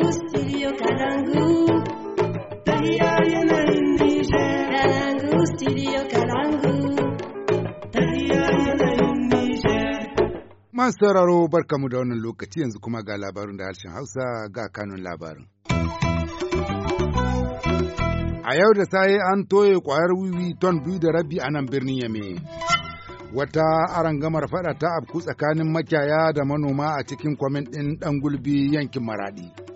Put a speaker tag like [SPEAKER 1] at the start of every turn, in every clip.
[SPEAKER 1] kalangu
[SPEAKER 2] masu sauraro barkamu da wannan lokaci yanzu kuma ga labarin da harshen hausa ga kanun labarin a yau da saye an toye kwayar wiwi ton biyu da rabi a nan birnin yame wata arangamar faɗa ta afku tsakanin makiyaya da manoma a cikin kwamin ɗin ɗan gulbi yankin Maraɗi.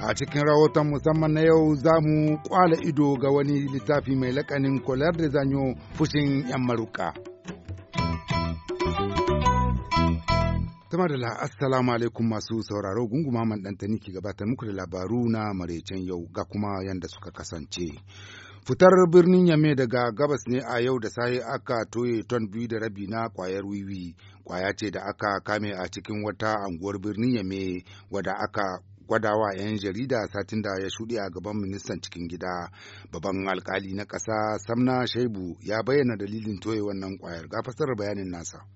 [SPEAKER 2] A cikin rahoton musamman na yau za mu kwala ido ga wani littafi mai lakanin kolar da zanyo fushin 'yan maruka. Tamadala, Assalamu alaikum masu sauraro gunguma man ɗantani ke gabatar muku da labaru na maraicen yau ga kuma yanda suka kasance. Fitar birnin Yame daga gabas ne a yau da sahi aka toye ton biyu da rabi na kwayar wiwi, kwaya ce da aka kame a cikin wata anguwar birnin Yame wadda aka gwadawa 'yan jarida satin da ya shuɗe a gaban ministan cikin gida babban alkali na ƙasa samna shaibu ya bayyana dalilin toye wannan kwayar ga fasarar bayanin nasa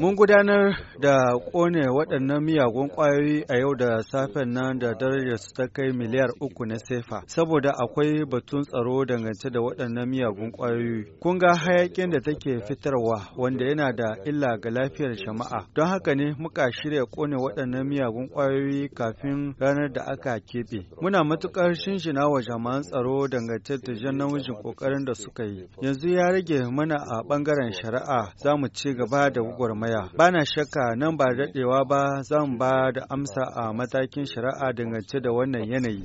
[SPEAKER 1] Mun gudanar da ƙone waɗannan miyagun ƙwayoyi a yau da safen nan da darajar su ta kai miliyar uku na sefa, saboda akwai batun tsaro dangance da waɗannan miyagun ƙwayoyi. Kun ga hayaƙin da take fitarwa wanda yana da illa ga lafiyar jama'a. Don haka ne muka shirya ƙone waɗannan miyagun ƙwayoyi kafin ranar da aka keɓe. Muna matuƙar shinshina wa jama'an tsaro dangance da jan namijin ƙoƙarin da suka yi. Yanzu ya rage mana a ɓangaren shari'a. mu ci gaba da gwagwarmaya. Ba na shakka nan ba daɗewa ba zan ba da amsa a matakin shari'a dangance da wannan yanayi.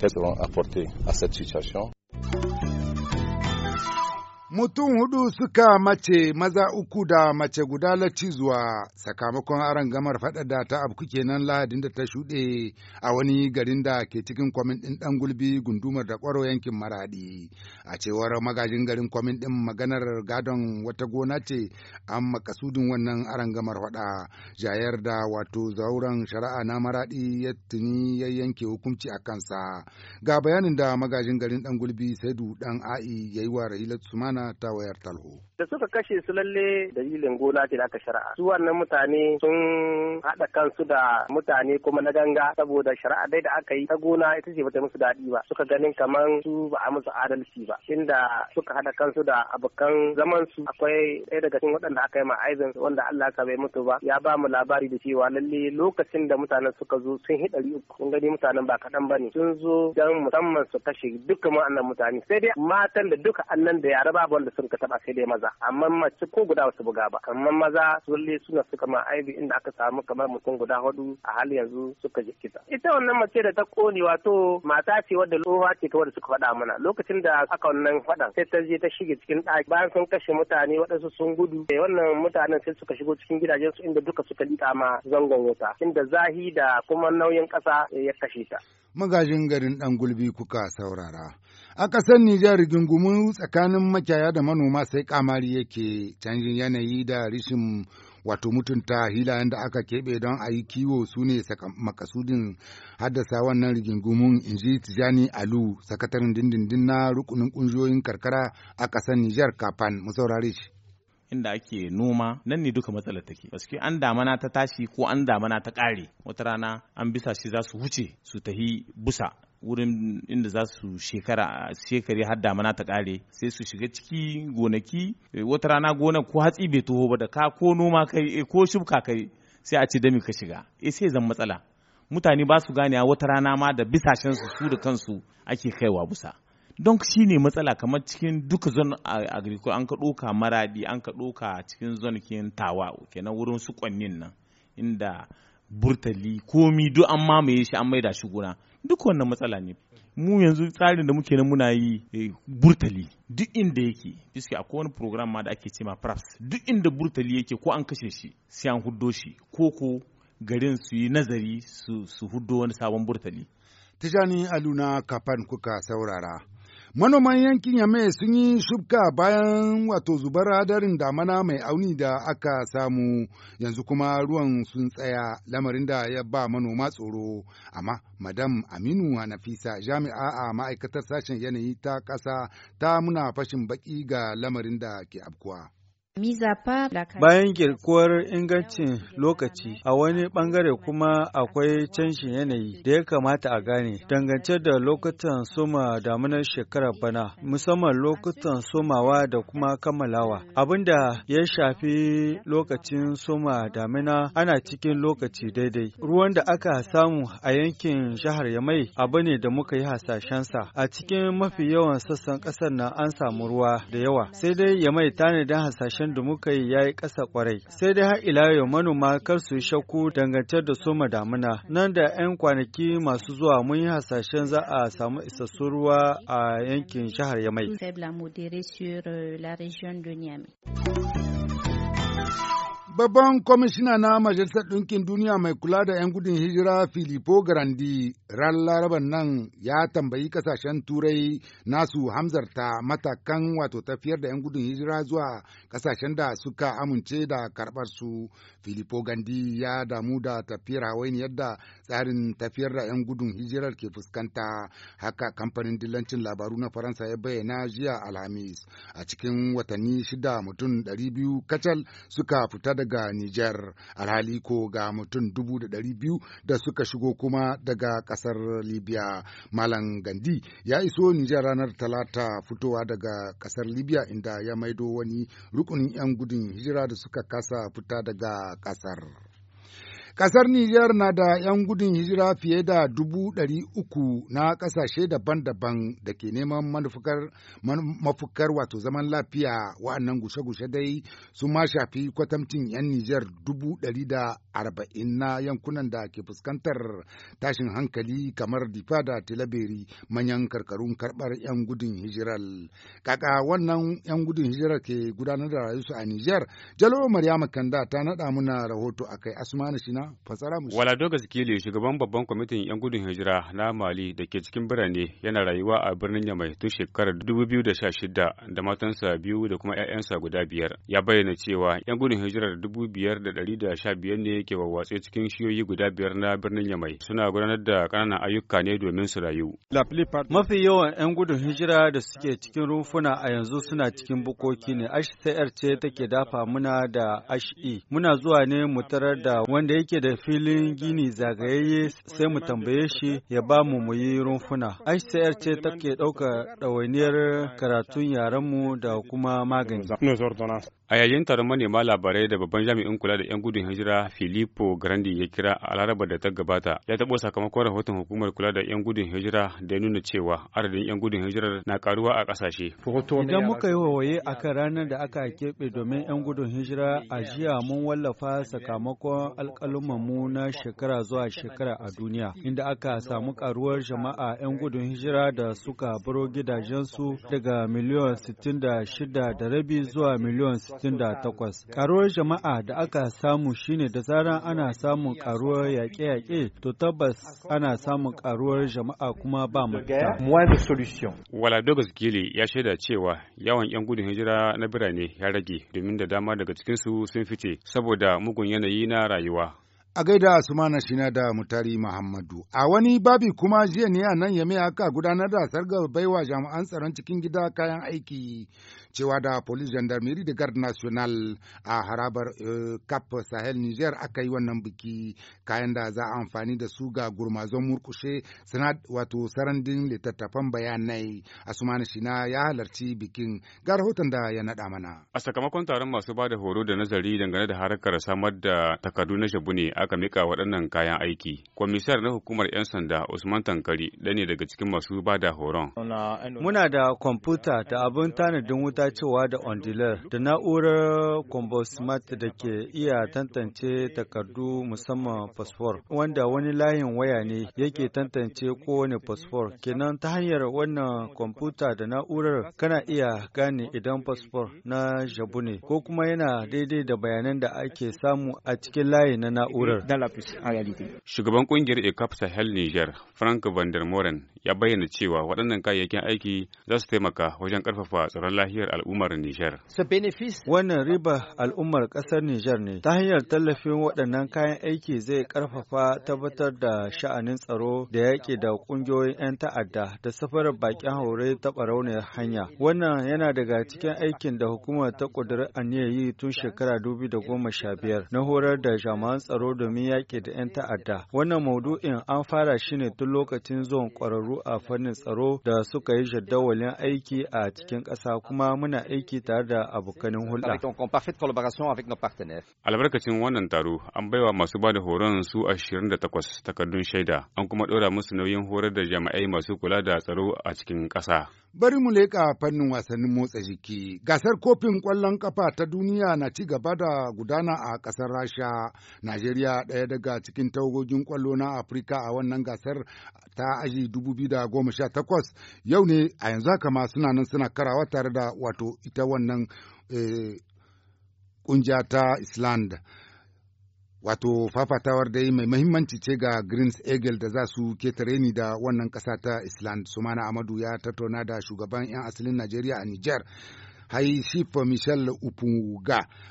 [SPEAKER 2] mutum hudu suka mace maza uku da mace guda zuwa sakamakon aron gamar faɗa da ta abu kenan lahadin da ta shuɗe a wani garin da ke cikin kwamin ɗin ɗan gulbi gundumar da ƙwaro yankin maraɗi a cewar magajin garin kwamin ɗin maganar gadon wata gona ce an makasudin wannan aron gamar faɗa jayar da wato zauren shari'a na maraɗi ya tuni ya yanke hukunci a kansa ga bayanin da magajin garin ɗan gulbi saidu ɗan a'i ya yi wa rahilat sumana magana ta wayar talho.
[SPEAKER 3] Da suka kashe su lalle dalilin gona ce da aka shari'a. Su wannan mutane sun haɗa kansu da mutane kuma na ganga saboda shari'a dai da aka yi ta gona ita ce bata musu daɗi ba. Suka ganin kamar su ba a musu adalci ba. Inda suka haɗa kansu da abokan zaman su akwai ɗaya daga cikin waɗanda aka yi ma aizin wanda Allah ka bai mutu ba ya ba mu labari da cewa lalle lokacin da mutanen suka zo sun hi ɗari uku. Kun gani mutanen ba kaɗan ba ne. Sun zo don musamman su kashe dukkan ma'annan mutane. Sai dai matan da duka annan da yara ba abin wanda sun ka taba sai dai maza amma mace ko guda wasu buga ba kamar maza lalle suna suka ma IV inda aka samu kamar mutum guda hudu a hali yanzu suka kita ita wannan mace da ta kone wato mata ce wadda lowa ce wadda suka faɗa mana lokacin da aka wannan faɗan sai ta je ta shige cikin ɗaki bayan sun kashe mutane waɗansu sun gudu eh, wannan mutanen sai suka shigo cikin gidajen su inda duka suka liƙa ma zangon wuta inda zahi da kuma nauyin ƙasa eh, ya kashe ta
[SPEAKER 2] magajin garin ɗan gulbi kuka saurara. A ƙasar Nijar rigingumu tsakanin makiyaya da manoma sai kamari yake canjin yanayi da rishin wato mutunta hila da aka keɓe don a yi kiwo su ne makasudin haddasa wannan rigingumun inji Tijani Alu, sakataren dindindin na rukunin ƙungiyoyin karkara a ƙasar Nijar kafan mu shi. inda ake noma
[SPEAKER 4] nan ne duka matsalar take baske an damana ta tashi ko an damana ta ƙare wata rana an bisa shi za su wuce su tahi busa wurin inda za su shekara shekare har damana ta ƙare sai su shiga ciki gonaki eh, wata rana gonar ko hatsi bai taho ba da ka ko noma kai eh, ko shubka kai sai a ci dami ka shiga eh sai zan matsala mutane ba su ganewa wata rana ma da bisashen su su da kansu ake kaiwa busa don shi ne matsala kamar cikin duka zon agrikul an ka ɗoka maradi an ka ɗoka cikin zon kin tawa kenan wurin su kwannin nan inda burtali komi duk an mamaye shi an maida shi gona duk wannan matsala ne mu yanzu tsarin da muke nan muna yi eh, burtali duk inda yake biski akwai wani program ma da ake ma praps duk inda burtali yake ko an kashe shi sai an huddo shi ko ko
[SPEAKER 2] garin su yi nazari su huddo wani sabon burtali tijani aluna kafan kuka saurara Manoman yankin Yame sun yi shubka bayan wato zubar hadarin damana mai auni da aka samu yanzu kuma ruwan sun tsaya lamarin da ya ba manoma tsoro. Amma Madam Aminu Nafisa jami'a a ma'aikatar sashen yanayi ta ƙasa ta muna fashin baƙi ga lamarin da ke abkuwa.
[SPEAKER 1] Bayan girkuwar ingancin lokaci a wani bangare kuma akwai canjin yanayi da ya kamata a gane dangance da lokutan soma damunar shekarar bana musamman lokutan somawa da kuma kammalawa. Abin da ya shafi lokacin soma damina ana cikin lokaci daidai. Ruwan da aka samu a yankin jihar Yamai abu ne da muka yi hasashensa. A cikin mafi yawan sassan ƙasar nan an samu ruwa da yawa. Sai dai Yamai tanadin hasashen nan da muka yi ya yi ƙasa kwarai. Sai dai har ila yau manoma kar su shakku dangantar da soma damuna. Nan da 'yan kwanaki masu zuwa mun yi hasashen za a samu isassun ruwa a yankin shahar Yamai.
[SPEAKER 2] Babban kwamishina na Majalisar Ɗinkin Duniya mai kula da 'yan gudun hijira Filippo Grandi ran laraban nan ya tambayi ƙasashen turai nasu hamzarta matakan wato tafiyar da 'yan gudun hijira zuwa ƙasashen da suka amince da karɓar su. Filippo Gandi ya damu da tafiyar hawainiyar yadda tsarin tafiyar da 'yan gudun hijirar ke fuskanta haka kamfanin dillancin labaru na Faransa ya bayyana jiya Alhamis a cikin watanni shida mutum ɗari biyu kacal suka fita daga daga Nijar alhali ko ga mutum dubu da ɗari biyu da suka shigo kuma daga ƙasar Libya. Malam Gandi ya iso Nijar ranar Talata fitowa daga ƙasar Libya inda ya maido wani rukunin 'yan gudun hijira da suka kasa fita daga ƙasar. Ƙasar Nijar na da 'yan gudun hijira fiye da dubu ɗari uku na ƙasashe daban-daban da ke neman mafukar wato zaman lafiya wa'annan gushe-gushe dai sun ma shafi kwatamcin 'yan Nijar dubu ɗari da arba'in na yankunan da ke fuskantar tashin hankali kamar Difa da Tilaberi manyan karkarun karɓar 'yan gudun hijirar. Kaka wannan 'yan gudun hijirar ke gudanar da rayuwarsu a Nijar, Jalo Maryama Kanda ta naɗa mana rahoto akai Asmanu Shina fatsara mu
[SPEAKER 4] wala doga sikili shugaban babban kwamitin yan gudun hijira na mali da ke cikin birane yana rayuwa a birnin yamai tun shekarar 2016 da matansa biyu da kuma 'ya'yansa guda biyar ya bayyana cewa yan gudun hijirar 5,115 ne ke wawatse cikin shiyoyi guda biyar na birnin yamai suna gudanar da kananan ayyuka ne domin su rayu
[SPEAKER 1] mafi yawan yan gudun hijira da suke cikin rumfuna a yanzu suna cikin bukoki ne HCR ce take dafa muna da HE muna zuwa ne mu tarar da wanda yake ne da filin gini zagayayye sai mu tambaye shi ya ba mu mu yi rumfuna. HCR ce take ɗauka ɗawainiyar karatun mu da kuma magani.
[SPEAKER 4] A yayin taron manema labarai da babban jami'in kula da 'yan gudun hijira Filippo Grandi ya kira a laraba da ta gabata, ya taɓo sakamakon rahoton hukumar kula da 'yan gudun hijira da ya nuna cewa adadin 'yan gudun hijirar na karuwa a kasashe.
[SPEAKER 1] Idan muka yi wawaye a kan ranar da aka keɓe domin 'yan gudun hijira a jiya mun wallafa sakamakon mu na shekara zuwa shekara a duniya, inda aka samu karuwar jama'a 'yan gudun hijira da suka baro gidajensu daga miliyan 66 da rabi zuwa miliyan 68 Karuwar jama'a da aka samu shine da zarar ana samun karuwar yaƙe-yaƙe to tabbas ana samun karuwar jama'a kuma ba
[SPEAKER 4] wala dogas gili ya shaida cewa yawan 'yan gudun hijira na birane ya rage domin da dama daga cikinsu sun fice saboda mugun yanayi na rayuwa.
[SPEAKER 2] a gaida shi shina da mutari muhammadu a wani babi kuma jiya ne a nan yame aka gudanar da sarga baiwa jami'an tsaron cikin gida kayan aiki cewa da police gendarmerie de garde national a harabar eh, cap sahel niger aka yi wannan biki kayan da za a amfani da su ga gurmazon murkushe wato sarandin littattafan bayanai a sumana shina ya halarci bikin ga rahoton da ya naɗa mana
[SPEAKER 4] a sakamakon taron masu ba da horo da nazari dangane da harkar samar da takardu na shabu ne aka mika waɗannan kayan aiki. Kwamisar na hukumar 'yan sanda Usman Tankari ɗaya ne daga cikin masu ba da horon.
[SPEAKER 1] Muna da kwamfuta da abin tanadin wuta cewa da ondilar da na'urar combosmat da ke iya tantance takardu musamman fosfor wanda wani layin waya ne yake tantance kowane fosfor kenan ta hanyar wannan kwamfuta da na'urar kana iya gane idan fosfor na jabu ne ko kuma yana daidai da bayanan da ake samu a cikin layi na na'urar. na'urar
[SPEAKER 4] shugaban kungiyar ecap sahel niger frank van der moren ya bayyana cewa waɗannan kayayyakin aiki za su taimaka wajen ƙarfafa tsaron lahiyar al'ummar niger
[SPEAKER 1] wannan riba al'ummar ƙasar niger ne ta hanyar tallafin waɗannan kayan aiki zai ƙarfafa tabbatar da sha'anin tsaro da yaƙi da ƙungiyoyin 'yan ta'adda da safarar baƙin haure ta ɓarauniyar hanya wannan yana daga cikin aikin da hukumar ta ƙudurar aniyar yi tun shekara biyar na horar da jami'an tsaro domin yaƙi da 'yan ta'adda. Wannan maudu'in an fara shi ne tun lokacin zuwan ƙwararru a fannin tsaro da suka yi jadawalin aiki a cikin ƙasa kuma muna aiki tare da abokanin hulɗa.
[SPEAKER 4] Albarkacin wannan taro an baiwa masu bada horon su 28 takardun shaida an kuma ɗora musu nauyin horar da jami'ai masu kula da tsaro a cikin ƙasa.
[SPEAKER 2] Bari mu leƙa fannin wasannin motsa jiki. Gasar kofin ƙwallon ƙafa ta duniya na ci gaba da gudana a ƙasar Rasha, Najeriya Nigeria ɗaya daga cikin tawagogin kwallo na Afirka a wannan gasar ta aji 2018 yau ne a yanzu haka ma suna nan suna karawa tare da wato ita wannan kungiya eh, ta Island. Wato fafatawar dai mai mahimmanci ce ga Greens Eagle da za su ketare ni da wannan ƙasa ta Island. Sumana Amadu ya tattauna da shugaban 'yan asalin Najeriya a Nijar, Hai Michel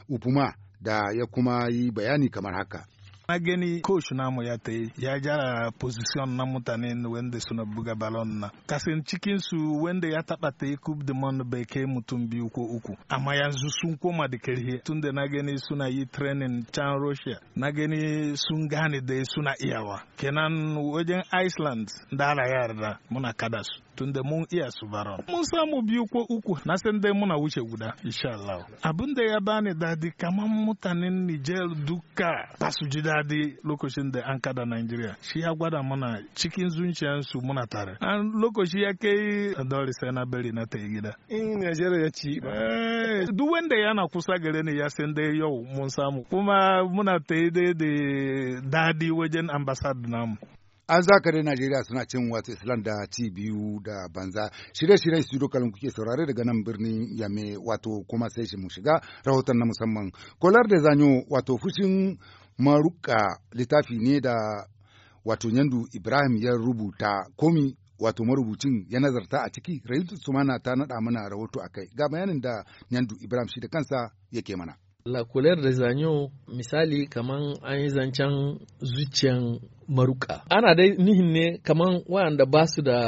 [SPEAKER 2] Upuma da ya kuma yi bayani kamar haka. na gani coach
[SPEAKER 5] namu ya ta yi ya jara position na mutane wanda suna buga balon na kasan cikin su wanda ya taba ta yi de monde bai kai mutum biyu ko uku amma yanzu sun koma da karhe tun na gani suna yi training can russia na gani sun gane da suna iyawa kenan wajen iceland da yarda muna kada su tunda mun iya su bara mun samu biyu ko uku na san dai muna wuce guda insha Allah abin da ya bani dadi kamar mutanen Niger duka ba su ji dadi lokacin da an kada Nigeria shi ya gwada mana cikin zuciyarsu muna tare an lokaci ya kai dole sai na bari na ta gida in Nigeria ya ci ba duk wanda yana
[SPEAKER 2] kusa gare ni ya san dai yau mun samu
[SPEAKER 5] kuma muna ta da dadi wajen ambasad namu
[SPEAKER 2] an zakare Najeriya suna cin wasu Island da ci biyu da banza shirye-shiryen studio kalin kuke saurare daga nan birnin Yame wato kuma sai shi mu shiga rahoton na musamman kolar da zanyo wato fushin maruka littafi ne da wato yandu Ibrahim ya rubuta komi wato marubucin ya nazarta a ciki Rahitu Sumana ta naɗa mana rahoto akai ga bayanin da yandu Ibrahim shi da kansa yake mana
[SPEAKER 6] La couleur des agneaux misali kaman an yi zancen zuciyan maruka ana dai nihin ne kaman wayanda ba su da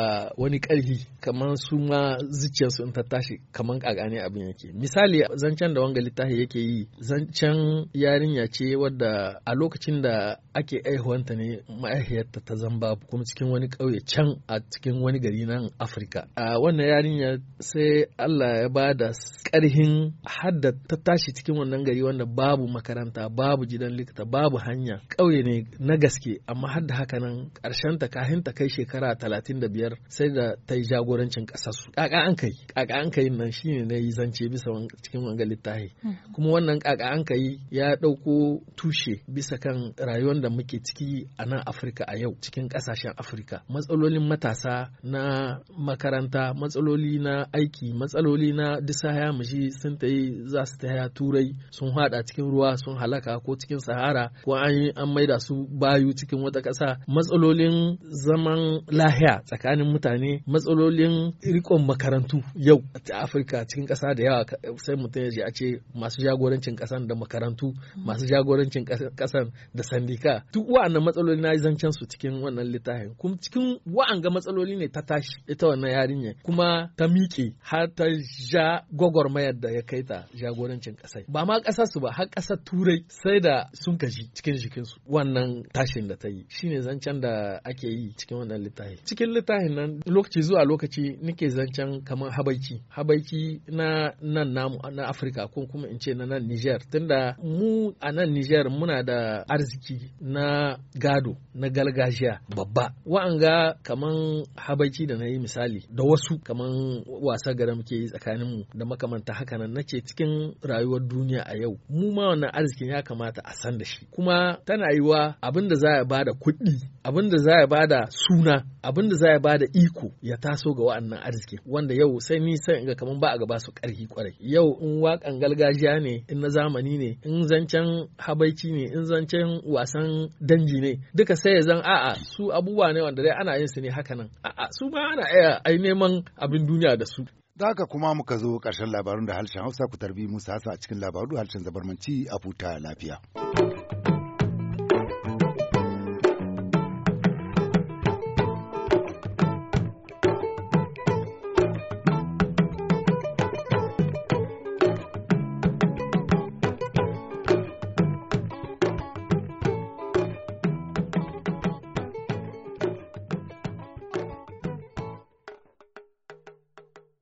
[SPEAKER 6] wani karhi kaman su ma zuciyarsu in ta tashi kaman ƙagani abin yake misali zancen da wanga littafi yake yi zancen yarinya ce wadda a lokacin da ake aihuwanta ne ma'aihiyarta ta zamba kuma cikin wani ƙauye can a cikin wani gari nan afirka a wannan yarinya sai allah ya ba da ƙarhin hadda ta tashi cikin wannan gari wanda babu makaranta babu gidan likita babu hanya ƙauye ne na gaske amma har da haka nan ƙarshen ta kahin ta kai shekara talatin da biyar sai da ta yi jagorancin su ƙaƙa an kai ƙaƙa an kai nan shine na yi zance bisa cikin wanga littafi hmm. kuma wannan ƙaƙa an kai ya ɗauko tushe bisa kan rayuwar da muke ciki a nan afirka a yau cikin ƙasashen afirka matsalolin matasa na makaranta matsaloli na aiki matsaloli na disaya mashi sun ta yi za su ta ya turai sun haɗa cikin ruwa sun halaka ko cikin sahara ko an maida su bayu cikin wata ta ƙasa matsalolin zaman lahiya tsakanin mutane matsalolin rikon makarantu yau a afirka cikin ƙasa da yawa sai mutum ya je a ce masu jagorancin ƙasan da makarantu masu jagorancin ƙasan da sandika duk wa'annan matsaloli na zancen su cikin wannan littafin kuma cikin wa'anga matsaloli ne ta tashi ita wannan yarinya kuma ta miƙe har ta ja gwagwarmayar da ya kai ta jagorancin ƙasai ba ma ƙasa su ba har ƙasar turai sai da sun gaji cikin jikinsu wannan tashin da ta yi shine zancen da ake yi cikin wannan littafi cikin littafin nan lokaci zuwa lokaci nake zancen kamar habaiki habaiki na nan namu na afirka ko kuma in ce na nan niger tunda mu a nan niger muna da arziki na gado na galgajiya babba wa'anga kaman habaiki da na yi misali da wasu kaman wasa gara muke yi tsakanin mu da makamanta haka nan ce cikin rayuwar duniya a yau mu ma wannan arzikin ya kamata a san da shi kuma tana yiwa abin da za a bada bada kuɗi abin da za ya bada suna abin da za ya bada iko ya taso ga wa'annan arziki wanda yau sai ni sai ga kaman ba a gaba su ƙarfi kwarai yau in waƙan gargajiya ne in na zamani ne in zancen habaici ne in zancen wasan danji ne duka sai ya zan a'a su abubuwa ne wanda dai ana yin su ne haka nan a'a su ma ana iya ai neman
[SPEAKER 2] abin duniya da su da haka kuma muka zo ƙarshen labarun da harshen hausa ku tarbi musa a cikin labaru harshen zabarmanci a futa lafiya.